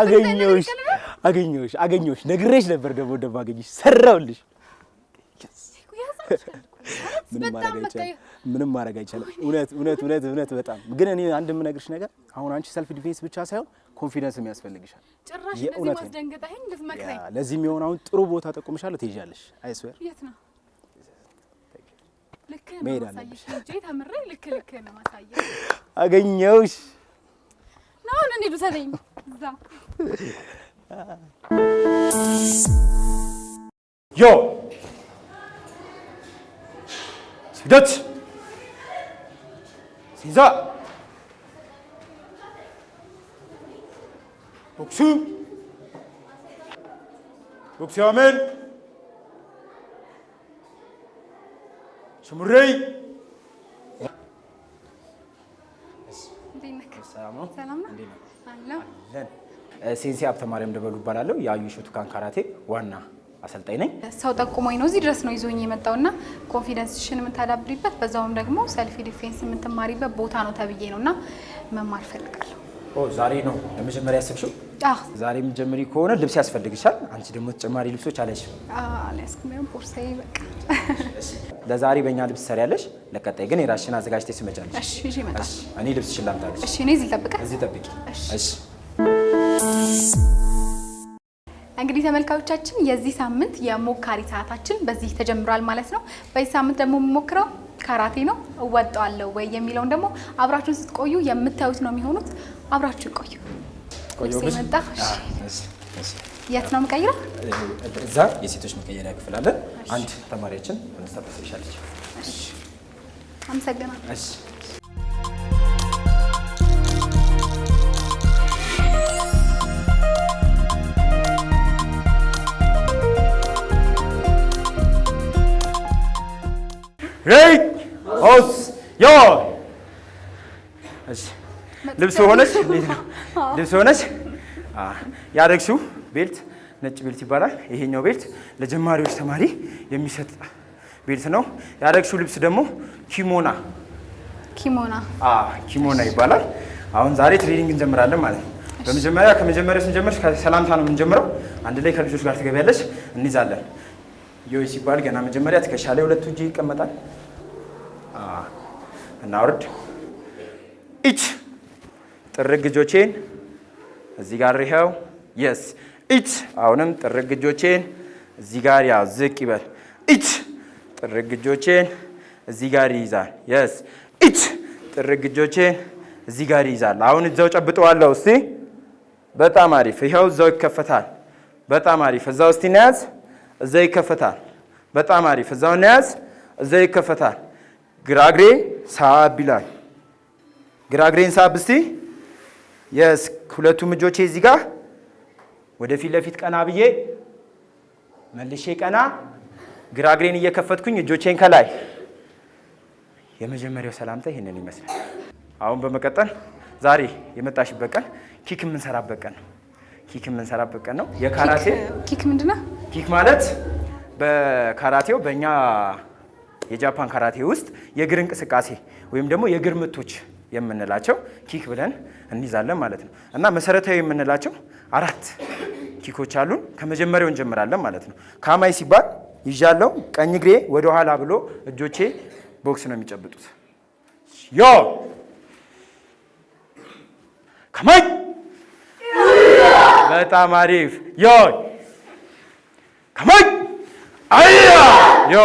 አገኘሁሽ አገኘሁሽ አገኘሁሽ። ነግሬሽ ነበር ደግሞ እንደማገኘሽ ሰራሁልሽ። ምንም ማድረግ አይቻልም። እውነት እውነት እውነት እውነት። በጣም ግን እኔ አንድ የምነግርሽ ነገር አሁን አንቺ ሰልፍ ዲፌንስ ብቻ ሳይሆን ኮንፊደንስም ያስፈልግሻል። ለዚህ የሚሆን አሁን ጥሩ ቦታ ጠቁምሻለሁ፣ ትይዣለሽ። አይስዌር መሄድ አለብሽ። አገኘሁሽ No, no need n to Yo. አሁን እንሂድ ውሰደኝ እዛ ዮ n ደ ት ሲዛ 복수 복수하면 스물레이 ሴንሴ ማርያም ደበሉ እባላለሁ። የአዩ ሾቶካን ካራቴ ዋና አሰልጣኝ ነኝ። ሰው ጠቁሞኝ ነው እዚህ ድረስ ነው ይዞኝ የመጣው የመጣውና ኮንፊደንስሽን የምታዳብሪበት በዛውም ደግሞ ሰልፊ ዲፌንስ የምትማሪበት ቦታ ነው ተብዬ ነው እና መማር ፈልጋለሁ። ዛሬ ነው ለመጀመሪያ ያሰብሽው? ዛሬ የምትጀምሪ ከሆነ ልብስ ያስፈልግሻል። አንቺ ደግሞ ተጨማሪ ልብሶች አልያዝሽም? ለዛሬ በእኛ ልብስ ትሰሪያለሽ። ለቀጣይ ግን የራስሽን አዘጋጅተሽ ትመጫለሽ። እኔ ልብስሽን ላምጣልሽ። እሺ፣ እዚህ ልጠብቅህ። እዚህ ጠብቂ። እሺ እንግዲህ ተመልካቾቻችን የዚህ ሳምንት የሞካሪ ሰዓታችን በዚህ ተጀምሯል ማለት ነው። በዚህ ሳምንት ደግሞ የምሞክረው ካራቴ ነው። እወጣዋለሁ ወይ የሚለውን ደግሞ አብራችሁን ስትቆዩ የምታዩት ነው የሚሆኑት። አብራችሁን ቆዩ። የት ነው የምቀይረው? እዛ የሴቶች መቀየሪያ ክፍል አለ። አንድ ተማሪያችን መነሳት ትችላለች። አመሰግናለሁ። ሬክ ኦስ ዮ እሺ፣ ልብስ ሆነች ልብስ ሆነች። ያደረግሽው ቤልት ነጭ ቤልት ይባላል። ይሄኛው ቤልት ለጀማሪዎች ተማሪ የሚሰጥ ቤልት ነው። ያደረግሽው ልብስ ደግሞ ኪሞና ኪሞና ኪሞና ይባላል። አሁን ዛሬ ትሬኒንግ እንጀምራለን ማለት ነው። በመጀመሪያ ከመጀመሪያ ስንጀምር ከሰላምታ ነው የምንጀምረው። አንድ ላይ ከልጆች ጋር ትገቢያለሽ፣ እንይዛለን ዮይ ሲባል ገና መጀመሪያ ትከሻ ላይ ሁለት እጅ ይቀመጣል። እናውርድ። ኢች ጥርግ እጆቼን እዚህ ጋር ይኸው። የስ ኢች። አሁንም ጥርግ እጆቼን እዚህ ጋር ያው፣ ዝቅ ይበል። ኢች ጥርግ እጆቼን እዚህ ጋር ይይዛል። የስ ኢች ጥርግ እጆቼን እዚህ ጋር ይይዛል። አሁን እዛው ጨብጠዋለሁ። እስቲ በጣም አሪፍ። ይኸው እዛው ይከፈታል። በጣም አሪፍ። እዛው እስቲ እናያዝ እዛ ይከፈታል። በጣም አሪፍ። እዛው ያዝ። እዛ ይከፈታል። ግራግሬ ሳብ ይላል። ግራግሬን ሳብ እስቲ። የስ ሁለቱም እጆቼ እዚህ ጋር ወደፊት ለፊት ቀና ብዬ መልሼ ቀና ግራግሬን እየከፈትኩኝ እጆቼን ከላይ የመጀመሪያው ሰላምታ ይህንን ይመስላል። አሁን በመቀጠል ዛሬ የመጣሽበት ቀን ኪክ የምንሰራበት ቀን ነው። ኪክ የምንሰራበት ቀን ነው። የካራቴ ኪክ ምንድነው? ኪክ ማለት በካራቴው በእኛ የጃፓን ካራቴ ውስጥ የእግር እንቅስቃሴ ወይም ደግሞ የእግር ምቶች የምንላቸው ኪክ ብለን እንይዛለን ማለት ነው። እና መሰረታዊ የምንላቸው አራት ኪኮች አሉን። ከመጀመሪያው እንጀምራለን ማለት ነው። ካማይ ሲባል ይዣለው ቀኝ እግሬ ወደኋላ ብሎ እጆቼ ቦክስ ነው የሚጨብጡት። ዮ ካማይ በጣም አሪፍ ዮይ አሞኝ አያ ዮ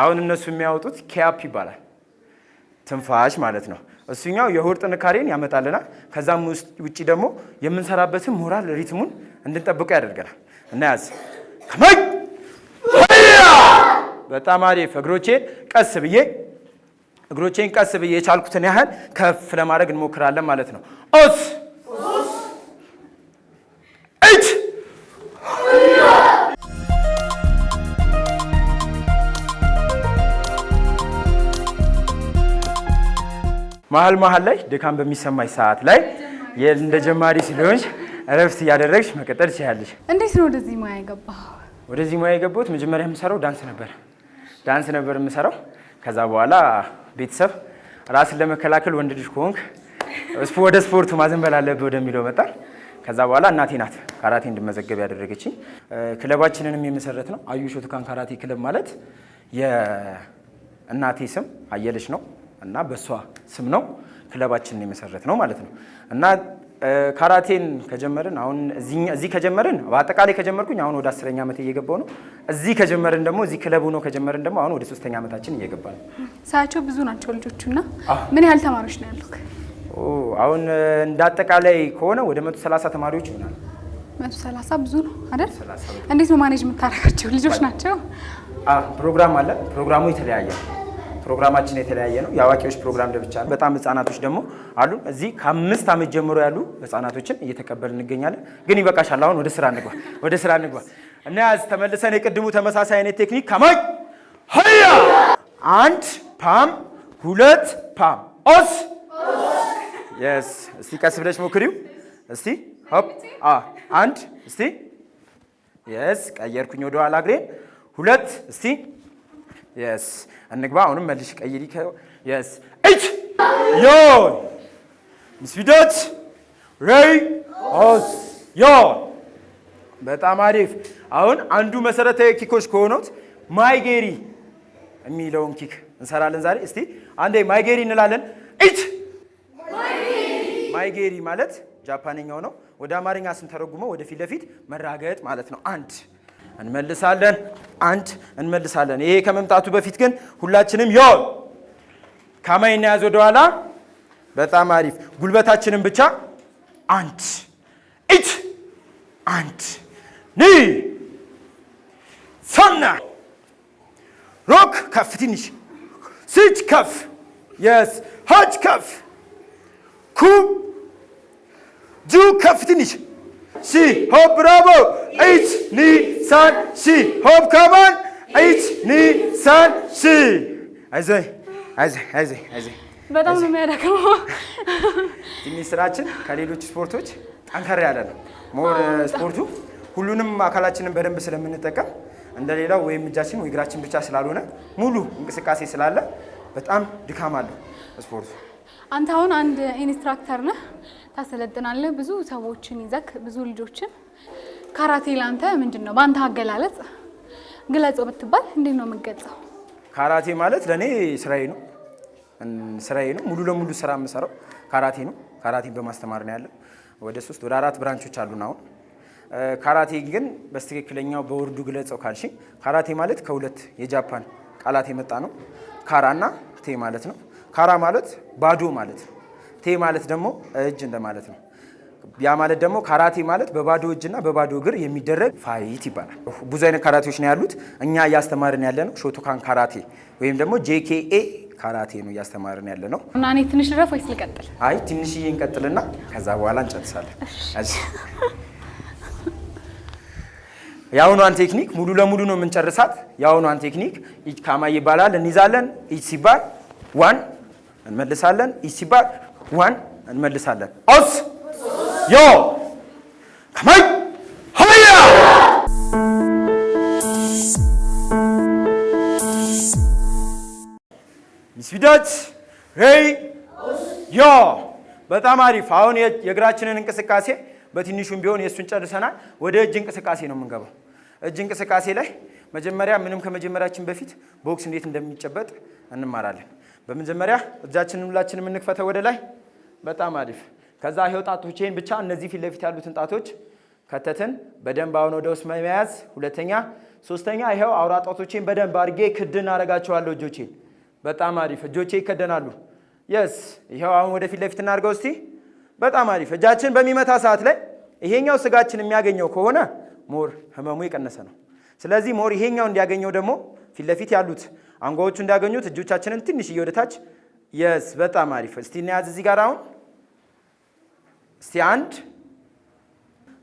አሁን እነሱ የሚያወጡት ኪያፕ ይባላል። ትንፋሽ ማለት ነው። እሱኛው የሆድ ጥንካሬን ያመጣልናል። ከዛም ውጭ ደግሞ የምንሰራበትን ሞራል ሪትሙን እንድንጠብቀ ያደርገናል። እና ያዝ ከማይ በጣም አሪፍ። እግሮቼን ቀስ ብዬ እግሮቼን ቀስ ብዬ የቻልኩትን ያህል ከፍ ለማድረግ እንሞክራለን ማለት ነው። ኦስ እች መሀል መሀል ላይ ድካም በሚሰማሽ ሰዓት ላይ እንደ ጀማሪ ስለሆንሽ እረፍት እያደረግሽ መቀጠል ትችላለሽ። እንዴት ነው ወደዚህ ሙያ የገባኸው? ወደዚህ ሙያ የገባሁት መጀመሪያ የምሰራው ዳንስ ነበር። ዳንስ ነበር የምሰራው። ከዛ በኋላ ቤተሰብ ራስን ለመከላከል ወንድ ልጅ ከሆንክ ወደ ስፖርቱ ማዘንበል አለብህ ወደሚለው መጣ። ከዛ በኋላ እናቴ ናት ካራቴ እንድመዘገብ ያደረገችኝ። ክለባችንንም የመሰረት ነው አዩ ሾትካን ካራቴ ክለብ ማለት የእናቴ ስም አየለች ነው። እና በእሷ ስም ነው ክለባችንን የመሰረት ነው ማለት ነው። እና ካራቴን ከጀመርን አሁን እዚህ ከጀመርን በአጠቃላይ ከጀመርኩኝ አሁን ወደ አስረኛ ዓመት እየገባው ነው። እዚህ ከጀመርን ደግሞ እዚህ ክለቡ ነው ከጀመርን ደግሞ አሁን ወደ ሶስተኛ ዓመታችን እየገባ ነው። ሳያቸው ብዙ ናቸው እና ምን ያህል ተማሪዎች ነው ያሉት? አሁን እንደ አጠቃላይ ከሆነ ወደ መቶ ሰላሳ ተማሪዎች ይሆናል። መቶ ሰላሳ ብዙ ነው አይደል? እንዴት ነው ማኔጅ የምታደርጋቸው ልጆች ናቸው? ፕሮግራም አለ። ፕሮግራሙ የተለያየ ፕሮግራማችን የተለያየ ነው። የአዋቂዎች ፕሮግራም ለብቻ ነው። በጣም ህጻናቶች ደግሞ አሉ። እዚህ ከአምስት ዓመት ጀምሮ ያሉ ህጻናቶችን እየተቀበል እንገኛለን። ግን ይበቃሻል፣ አሁን ወደ ስራ እንግባ፣ ወደ ስራ እንግባ እና ያዝ ተመልሰን የቅድሙ ተመሳሳይ አይነት ቴክኒክ ከማይ ሀያ አንድ ፓም ሁለት ፓም ኦስ የስ እስቲ ቀስ ብለሽ ሞክሪው እስቲ ሆፕ አንድ እስቲ የስ ቀየርኩኝ ወደኋላ እግሬን ሁለት እስቲ የስ እንግባ። አሁንም መልሽ ቀይሪ። የስ እች ዮን ምስፊደት ረይ ኦስ ዮን። በጣም አሪፍ። አሁን አንዱ መሰረታዊ ኪኮች ከሆኑት ማይጌሪ የሚለውን ኪክ እንሰራለን ዛሬ። እስቲ አንዴ ማይጌሪ እንላለን። እች ማይጌሪ ማለት ጃፓንኛው ነው። ወደ አማርኛ ስንተረጉመው ወደ ለፊት መራገጥ ማለት ነው። አንድ እንመልሳለን፣ አንድ እንመልሳለን። ይሄ ከመምጣቱ በፊት ግን ሁላችንም ዮ ካማይ እናያዝ ወደኋላ። በጣም አሪፍ። ጉልበታችንን ብቻ አንድ እጅ አንድ ኒ ሰና ሮክ ከፍ ትንሽ ስጅ ከፍ የስ ሀጅ ከፍ ኩ ጁ ከፍ ትንሽ ሲ ሆፕ ብራቮ ኢች ኒሳን ሲ ሆፕ ከማን ኢች ኒሳን ሲ አይዞህ አይዞህ አይዞህ አይዞህ። በጣም ነው የሚያደክመው። ትንሽ ስራችን ከሌሎች ስፖርቶች ጠንከር ያለ ነው። ሞር ስፖርቱ ሁሉንም አካላችንን በደንብ ስለምንጠቀም እንደሌላው ወይም እጃችን ወይ እግራችን ብቻ ስላልሆነ ሙሉ እንቅስቃሴ ስላለ በጣም ድካም አለው ስፖርቱ። አንተ አሁን አንድ ኢንስትራክተር ነህ ታሰለጥናለህ፣ ብዙ ሰዎችን ይዘክ ብዙ ልጆችን። ካራቴ ላንተ ምንድን ነው? በአንተ አገላለጽ ግለጸው ብትባል እንዴት ነው የምትገልጸው? ካራቴ ማለት ለእኔ ስራዬ ነው፣ ስራዬ ነው። ሙሉ ለሙሉ ስራ የምሰራው ካራቴ ነው። ካራቴን በማስተማር ነው ያለው። ወደ ሶስት ወደ አራት ብራንቾች አሉን አሁን ካራቴ ግን በስትክክለኛው በወርዱ ግለጸው ካልሽ ካራቴ ማለት ከሁለት የጃፓን ቃላት የመጣ ነው። ካራ እና ቴ ማለት ነው። ካራ ማለት ባዶ ማለት ነው። ቴ ማለት ደግሞ እጅ እንደማለት ነው። ያ ማለት ደግሞ ካራቴ ማለት በባዶ እጅና በባዶ እግር የሚደረግ ፋይት ይባላል። ብዙ አይነት ካራቴዎች ነው ያሉት። እኛ እያስተማርን ያለ ነው ሾቶካን ካራቴ ወይም ደግሞ ጄኬኤ ካራቴ ነው እያስተማርን ያለ ነው። እና እኔ ትንሽ ረፍ ወይስ ልቀጥል? አይ ትንሽዬ እንቀጥልና ከዛ በኋላ እንጨርሳለን። የአሁኗን ቴክኒክ ሙሉ ለሙሉ ነው የምንጨርሳት። የአሁኗን ቴክኒክ ኢች ካማ ይባላል። እንይዛለን። ኢች ሲባል ዋን እንመልሳለን። ኢች ሲባል ዋን እንመልሳለን። ኦስ ዮ ከማይ ሆያ ሚስቪዳች ሬይ ዮ በጣም አሪፍ። አሁን የእግራችንን እንቅስቃሴ በትንሹም ቢሆን የእሱን ጨርሰናል። ወደ እጅ እንቅስቃሴ ነው የምንገባው። እጅ እንቅስቃሴ ላይ መጀመሪያ ምንም ከመጀመሪያችን በፊት ቦክስ እንዴት እንደሚጨበጥ እንማራለን። በመጀመሪያ እጃችንን ሁላችንም እንክፈተው ወደ ላይ። በጣም አሪፍ። ከዛ ይሄው ጣቶቼን ብቻ እነዚህ ፊት ለፊት ያሉትን ጣቶች ከተትን በደንብ አሁን ወደ ውስጥ መያዝ። ሁለተኛ፣ ሶስተኛ ይኸው አውራ ጣቶቼን በደንብ አድርጌ ክድን አደርጋቸዋለሁ እጆቼን። በጣም አሪፍ። እጆቼ ይከደናሉ። የስ ይኸው አሁን ወደ ፊት ለፊት እናድርገው እስቲ። በጣም አሪፍ። እጃችን በሚመታ ሰዓት ላይ ይሄኛው ስጋችን የሚያገኘው ከሆነ ሞር ህመሙ የቀነሰ ነው። ስለዚህ ሞር ይሄኛው እንዲያገኘው ደግሞ ፊት ለፊት ያሉት አንጓዎቹ እንዳገኙት እጆቻችንን ትንሽ እየወደታች የስ በጣም አሪፍ። እስቲ እናያዝ እዚህ ጋር አሁን እስቲ አንድ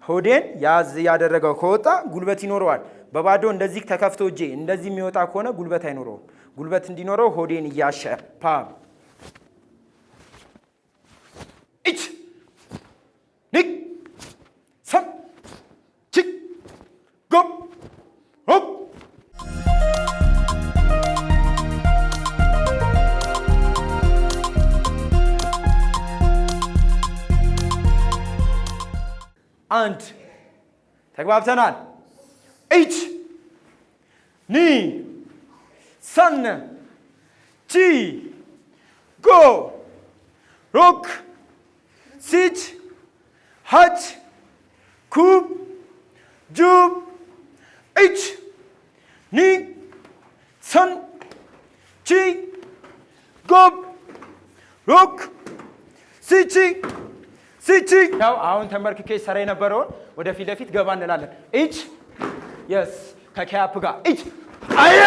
ሆዴን ያዝ ያደረገው ከወጣ ጉልበት ይኖረዋል። በባዶ እንደዚህ ተከፍቶ እጄ እንደዚህ የሚወጣ ከሆነ ጉልበት አይኖረውም። ጉልበት እንዲኖረው ሆዴን እያሸ ፓ እች ንግ ሰም ችግ ጎብ አንድ ተግባብተናል። እጅ ኒ ሰን ጂ ጎ ሮክ ሲች ሀች ኩብ ጁብ እጅ ኒ ሰን ጂ ጎብ ሮክ ሲቺ ስቺ ያው አሁን ተንበርክኬ ሰራ የነበረውን ወደ ፊት ለፊት ገባ እንላለን። እች የስ ከኪያፕ ጋር እች አያ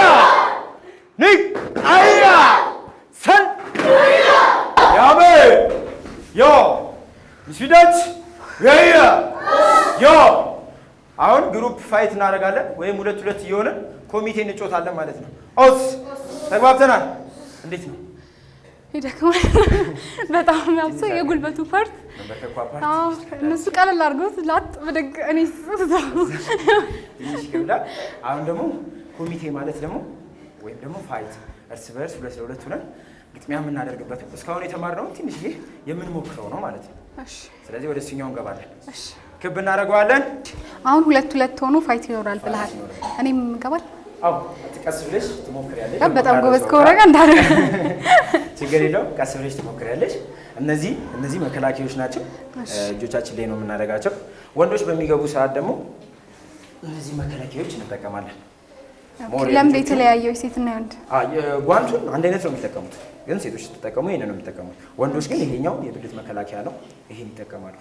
ኒ አያ ሰን ያበ ዮ ምስዳች ያያ ዮ አሁን ግሩፕ ፋይት እናደርጋለን ወይም ሁለት ሁለት እየሆነ ኮሚቴ እንጮታለን ማለት ነው። ኦስ ተግባብተናል። እንዴት ነው? ይደክማል በጣም ያብሶ የጉልበቱ ፓርት እነሱ ቀለል አድርጎት ላጥ በደግ እኔ አሁን ደግሞ ኮሚቴ ማለት ደግሞ ወይም ደግሞ ፋይት እርስ በእርስ ሁለት ለሁለት ሆነን ግጥሚያ የምናደርግበት እስካሁን የተማርነው ትንሽ ይሄ የምንሞክረው ነው ማለት ነው። ስለዚህ ወደ እሱኛው እንገባለን። ክብ እናደርገዋለን። አሁን ሁለት ሁለት ሆኖ ፋይት ይኖራል ብለሃል። እኔም እገባል። አዎ፣ ቀስ ብለሽ ትሞክሪያለሽ። በጣም ጎበዝ ከሆነ ጋር ችግር የለው። ቀስ ብለሽ ትሞክሪያለሽ። እነዚህ እነዚህ መከላከያዎች ናቸው። እጆቻችን ላይ ነው የምናደርጋቸው። ወንዶች በሚገቡ ሰዓት ደግሞ እነዚህ መከላከያዎች እንጠቀማለን። ለምን የተለያየው? ሴትና ወንድ ጓንቱን አንድ አይነት ነው የሚጠቀሙት፣ ግን ሴቶች ስትጠቀሙ ይሄን ነው የሚጠቀሙት። ወንዶች ግን ይሄኛው የብልት መከላከያ ነው፣ ይሄን ይጠቀማሉ።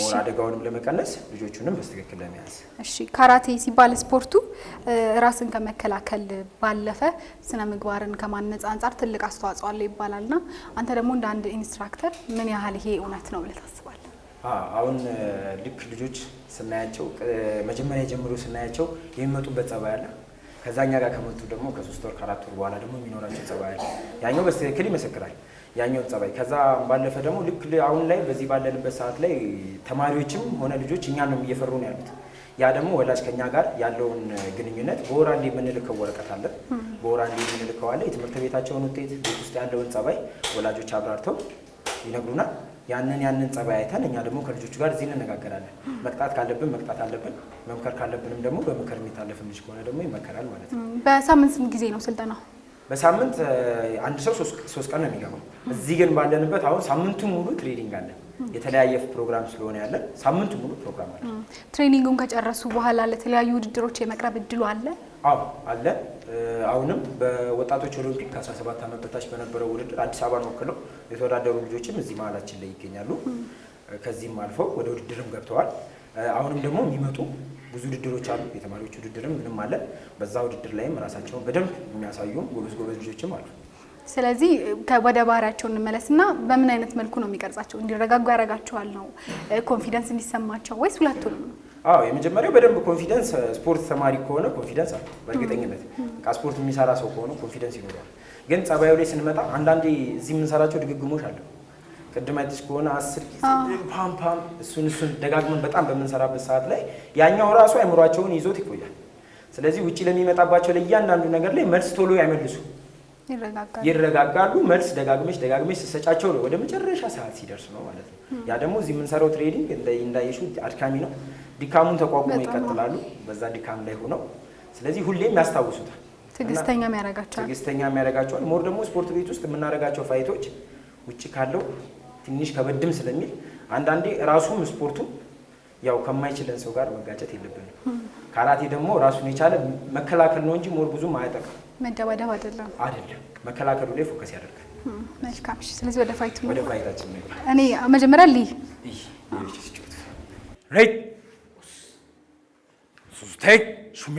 ሞር አደጋውንም ለመቀነስ ልጆቹንም በስትክክል ለመያዝ። እሺ፣ ካራቴ ሲባል ስፖርቱ ራስን ከመከላከል ባለፈ ስነ ምግባርን ከማነጽ አንጻር ትልቅ አስተዋጽኦ አለው ይባላልና አንተ ደግሞ እንደ አንድ ኢንስትራክተር ምን ያህል ይሄ እውነት ነው ብለህ ታስባለህ? አሁን ልክ ልጆች ስናያቸው መጀመሪያ ጀምሮ ስናያቸው የሚመጡበት ጸባይ አለ ከዛኛ ጋር ከመጡ ደግሞ ከሶስት ወር ከአራት ወር በኋላ ደግሞ የሚኖራቸው ጸባይ ያኛው በስትክክል ይመሰክራል ያኛው ጸባይ። ከዛ ባለፈ ደግሞ ልክ አሁን ላይ በዚህ ባለንበት ሰዓት ላይ ተማሪዎችም ሆነ ልጆች እኛ ነው እየፈሩ ነው ያሉት። ያ ደግሞ ወላጅ ከኛ ጋር ያለውን ግንኙነት በወር የምንልከው ወረቀት አለ። በወር የምንልከው አለ የትምህርት ቤታቸውን ውጤት፣ ቤት ውስጥ ያለውን ጸባይ ወላጆች አብራርተው ይነግሩናል። ያንን ያንን ጸባይ አይተን እኛ ደግሞ ከልጆቹ ጋር እዚህ እንነጋገራለን። መቅጣት ካለብን መቅጣት አለብን፣ መምከር ካለብንም ደግሞ በምክር የሚታለፍ ልጅ ከሆነ ደግሞ ይመከራል ማለት ነው። በሳምንት ስንት ጊዜ ነው ስልጠና? በሳምንት አንድ ሰው ሶስት ቀን ነው የሚገባው። እዚህ ግን ባለንበት አሁን ሳምንቱ ሙሉ ትሬዲንግ አለን። የተለያየ ፕሮግራም ስለሆነ ያለን ሳምንቱ ሙሉ ፕሮግራም አለ። ትሬኒንጉን ከጨረሱ በኋላ ለተለያዩ ውድድሮች የመቅረብ እድሉ አለ? አዎ አለ። አሁንም በወጣቶች ኦሎምፒክ ከ17 ዓመት በታች በነበረው ውድድር አዲስ አበባን ወክለው የተወዳደሩ ልጆችም እዚህ መሀላችን ላይ ይገኛሉ። ከዚህም አልፈው ወደ ውድድርም ገብተዋል። አሁንም ደግሞ የሚመጡ ብዙ ውድድሮች አሉ። የተማሪዎች ውድድርም ምንም አለ። በዛ ውድድር ላይም ራሳቸውን በደንብ የሚያሳዩም ጎበዝ ጎበዝ ልጆችም አሉ። ስለዚህ ወደ ባህሪያቸው እንመለስ ና በምን አይነት መልኩ ነው የሚቀርጻቸው? እንዲረጋጉ ያደርጋቸዋል ነው ኮንፊደንስ እንዲሰማቸው ወይስ ሁለቱንም? አዎ የመጀመሪያው በደንብ ኮንፊደንስ፣ ስፖርት ተማሪ ከሆነ ኮንፊደንስ አለ በእርግጠኝነት። በቃ ስፖርት የሚሰራ ሰው ከሆነ ኮንፊደንስ ይኖራል። ግን ጸባዩ ላይ ስንመጣ አንዳንዴ እዚህ የምንሰራቸው ድግግሞች አለ። ቅድም አይተሽ ከሆነ አስር ጊዜ ፓም ፓም፣ እሱን እሱን ደጋግመን በጣም በምንሰራበት ሰዓት ላይ ያኛው ራሱ አይምሯቸውን ይዞት ይቆያል። ስለዚህ ውጭ ለሚመጣባቸው ለእያንዳንዱ ነገር ላይ መልስ ቶሎ አይመልሱ ይረጋጋሉ። መልስ ደጋግመሽ ደጋግመሽ ስሰጫቸው ነው ወደ መጨረሻ ሰዓት ሲደርስ ነው ማለት ነው። ያ ደግሞ እዚህ የምንሰራው ትሬዲንግ እንዳየሽው አድካሚ ነው። ድካሙን ተቋቁመው ይቀጥላሉ። በዛ ድካም ላይ ሆነው ስለዚህ ሁሌም ያስታውሱታል። ትዕግስተኛ ያደርጋቸዋል። ትዕግስተኛ ያደርጋቸዋል። ሞር ደግሞ ስፖርት ቤት ውስጥ የምናደርጋቸው ፋይቶች ውጭ ካለው ትንሽ ከበድም ስለሚል አንዳንዴ ራሱም ስፖርቱ ያው ከማይችለን ሰው ጋር መጋጨት የለብንም። ካራቴ ደግሞ ራሱን የቻለ መከላከል ነው እንጂ ሞር ብዙም አያጠቅም። መደባደብ አይደለም አይደለም፣ መከላከሉ ላይ ፎከስ ያደርጋል። መልካም። እሺ፣ ስለዚህ ወደ ፋይቱ ወደ ፋይታችን ነው። እኔ መጀመሪያ ልይ ሬይ ሱስቴ ሹሜ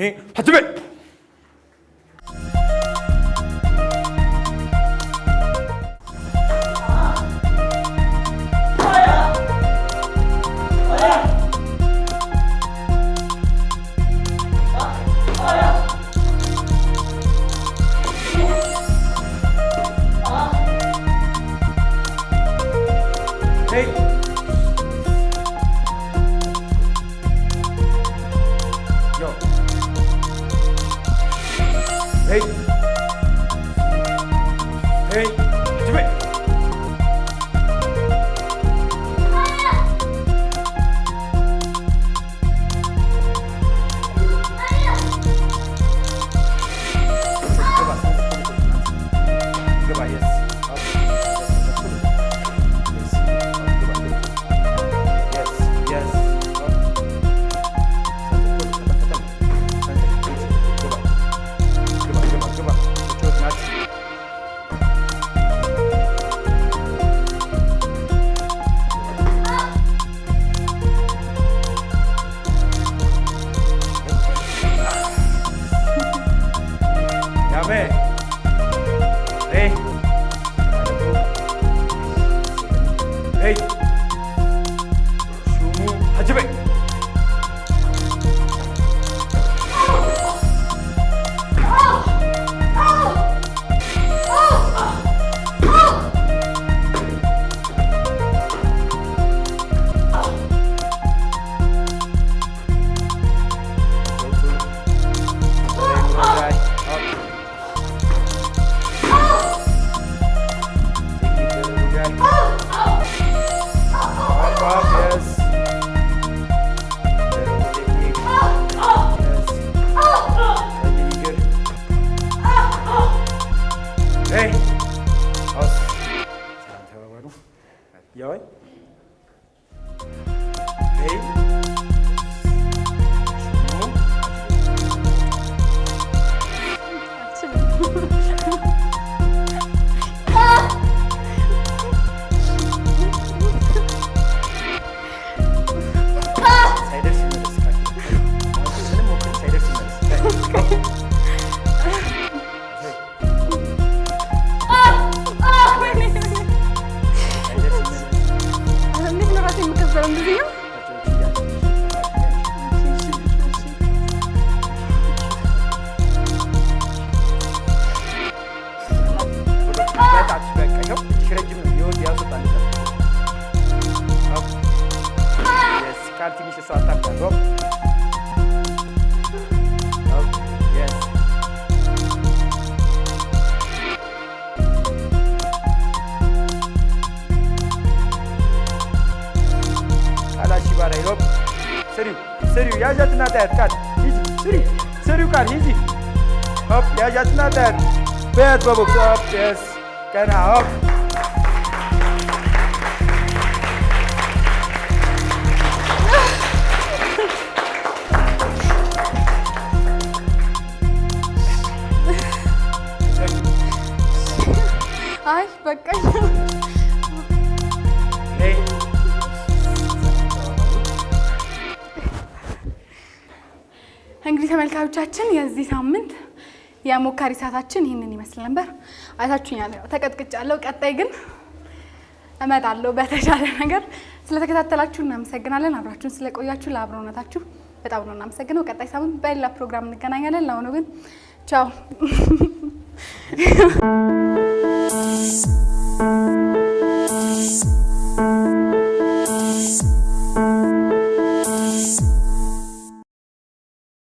哎，准备。der kat. Hizi. Sürü. Sürü yukarı. Hizi. Hop. Ya yatına der. Beyaz babuk. Hop. Yes. Kana hop. Ay bakalım. ተመልካዮቻችን የዚህ ሳምንት የሞካሪ ሰዓታችን ይህንን ይመስል ነበር። አይታችሁኛል፣ ተቀጥቅጫለሁ። ቀጣይ ግን እመጣለሁ በተሻለ ነገር። ስለተከታተላችሁ እናመሰግናለን። አብራችሁን ስለቆያችሁ ለአብሮነታችሁ በጣም ነው እናመሰግነው። ቀጣይ ሳምንት በሌላ ፕሮግራም እንገናኛለን። ለአሁኑ ግን ቻው።